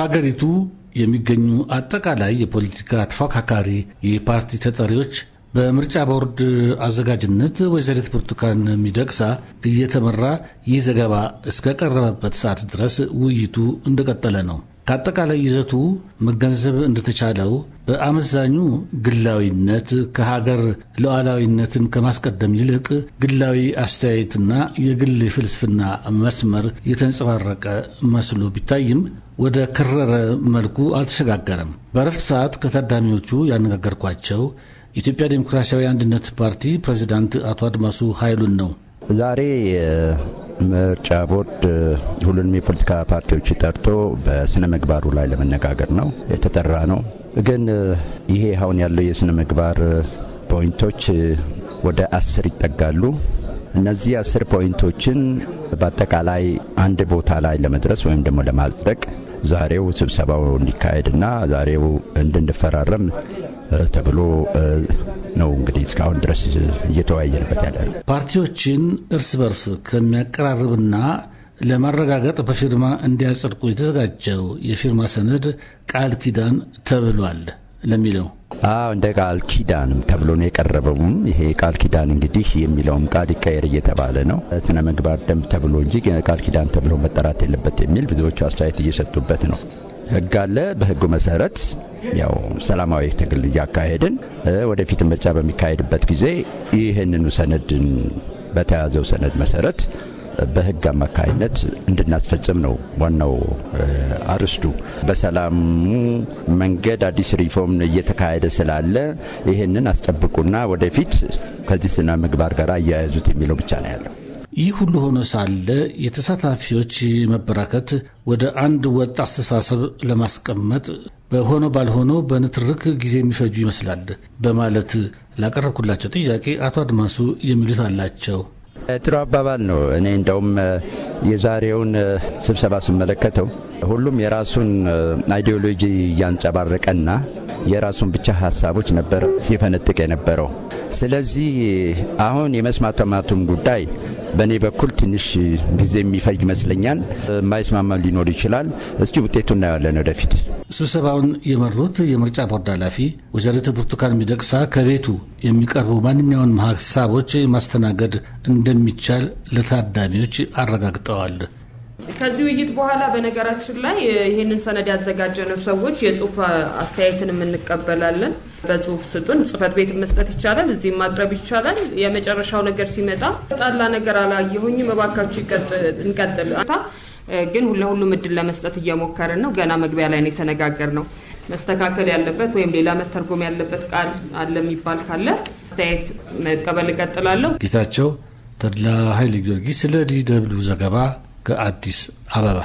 በሀገሪቱ የሚገኙ አጠቃላይ የፖለቲካ ተፎካካሪ የፓርቲ ተጠሪዎች በምርጫ ቦርድ አዘጋጅነት ወይዘሪት ብርቱካን ሚደቅሳ እየተመራ ይህ ዘገባ እስከቀረበበት ሰዓት ድረስ ውይይቱ እንደቀጠለ ነው። ከአጠቃላይ ይዘቱ መገንዘብ እንደተቻለው በአመዛኙ ግላዊነት ከሀገር ሉዓላዊነትን ከማስቀደም ይልቅ ግላዊ አስተያየትና የግል ፍልስፍና መስመር የተንጸባረቀ መስሎ ቢታይም ወደ ከረረ መልኩ አልተሸጋገረም። በእረፍት ሰዓት ከታዳሚዎቹ ያነጋገርኳቸው የኢትዮጵያ ዴሞክራሲያዊ አንድነት ፓርቲ ፕሬዚዳንት አቶ አድማሱ ኃይሉን ነው። ዛሬ ምርጫ ቦርድ ሁሉንም የፖለቲካ ፓርቲዎች ጠርቶ በስነ ምግባሩ ላይ ለመነጋገር ነው የተጠራ ነው። ግን ይሄ አሁን ያለው የስነ ምግባር ፖይንቶች ወደ አስር ይጠጋሉ። እነዚህ አስር ፖይንቶችን በአጠቃላይ አንድ ቦታ ላይ ለመድረስ ወይም ደግሞ ለማጽደቅ ዛሬው ስብሰባው እንዲካሄድና ዛሬው እንድንፈራረም ተብሎ ነው እንግዲህ እስካሁን ድረስ እየተወያየንበት ያለ ነው። ፓርቲዎችን እርስ በርስ ከሚያቀራርብና ለማረጋገጥ በፊርማ እንዲያጸድቁ የተዘጋጀው የፊርማ ሰነድ ቃል ኪዳን ተብሏል ለሚለው አዎ እንደ ቃል ኪዳንም ተብሎ ነው የቀረበውም። ይሄ ቃል ኪዳን እንግዲህ የሚለውም ቃል ይቀየር እየተባለ ነው። ስነ ምግባር ደንብ ተብሎ እንጂ ቃል ኪዳን ተብሎ መጠራት የለበት የሚል ብዙዎቹ አስተያየት እየሰጡበት ነው። ህግ አለ። በህጉ መሰረት ያው ሰላማዊ ትግል እያካሄድን ወደፊት ምርጫ በሚካሄድበት ጊዜ ይህንኑ ሰነድን በተያዘው ሰነድ መሰረት በህግ አማካይነት እንድናስፈጽም ነው ዋናው አርስቱ። በሰላሙ መንገድ አዲስ ሪፎርም እየተካሄደ ስላለ ይህንን አስጠብቁና ወደፊት ከዚህ ስነ ምግባር ጋር እያያዙት የሚለው ብቻ ነው ያለው። ይህ ሁሉ ሆኖ ሳለ የተሳታፊዎች መበራከት ወደ አንድ ወጥ አስተሳሰብ ለማስቀመጥ በሆነ ባልሆነ በንትርክ ጊዜ የሚፈጁ ይመስላል በማለት ላቀረብኩላቸው ጥያቄ አቶ አድማሱ የሚሉት አላቸው። ጥሩ አባባል ነው። እኔ እንደውም የዛሬውን ስብሰባ ስመለከተው ሁሉም የራሱን አይዲዮሎጂ እያንጸባረቀና የራሱን ብቻ ሀሳቦች ነበር ሲፈነጥቅ የነበረው። ስለዚህ አሁን የመስማማቱም ጉዳይ በእኔ በኩል ትንሽ ጊዜ የሚፈጅ ይመስለኛል። ማይስማማ ሊኖር ይችላል። እስኪ ውጤቱ እናያለን ወደፊት። ስብሰባውን የመሩት የምርጫ ቦርድ ኃላፊ ወይዘሪት ብርቱካን ሚደቅሳ ከቤቱ የሚቀርቡ ማንኛውንም ሀሳቦች ማስተናገድ እንደሚቻል ለታዳሚዎች አረጋግጠዋል። ከዚህ ውይይት በኋላ በነገራችን ላይ ይህንን ሰነድ ያዘጋጀነው ሰዎች የጽሁፍ አስተያየትን እንቀበላለን። በጽሁፍ ስጡን፣ ጽህፈት ቤት መስጠት ይቻላል፣ እዚህም ማቅረብ ይቻላል። የመጨረሻው ነገር ሲመጣ ጣላ ነገር አላየሁኝም፣ እባካችሁ እንቀጥል ግን ለሁሉም እድል ለመስጠት እየሞከርን ነው። ገና መግቢያ ላይ ነው የተነጋገር ነው። መስተካከል ያለበት ወይም ሌላ መተርጎም ያለበት ቃል አለ የሚባል ካለ አስተያየት መቀበል እቀጥላለሁ። ጌታቸው ተድላ ኃይለ ጊዮርጊስ ለዲ ደብልዩ ዘገባ ከአዲስ አበባ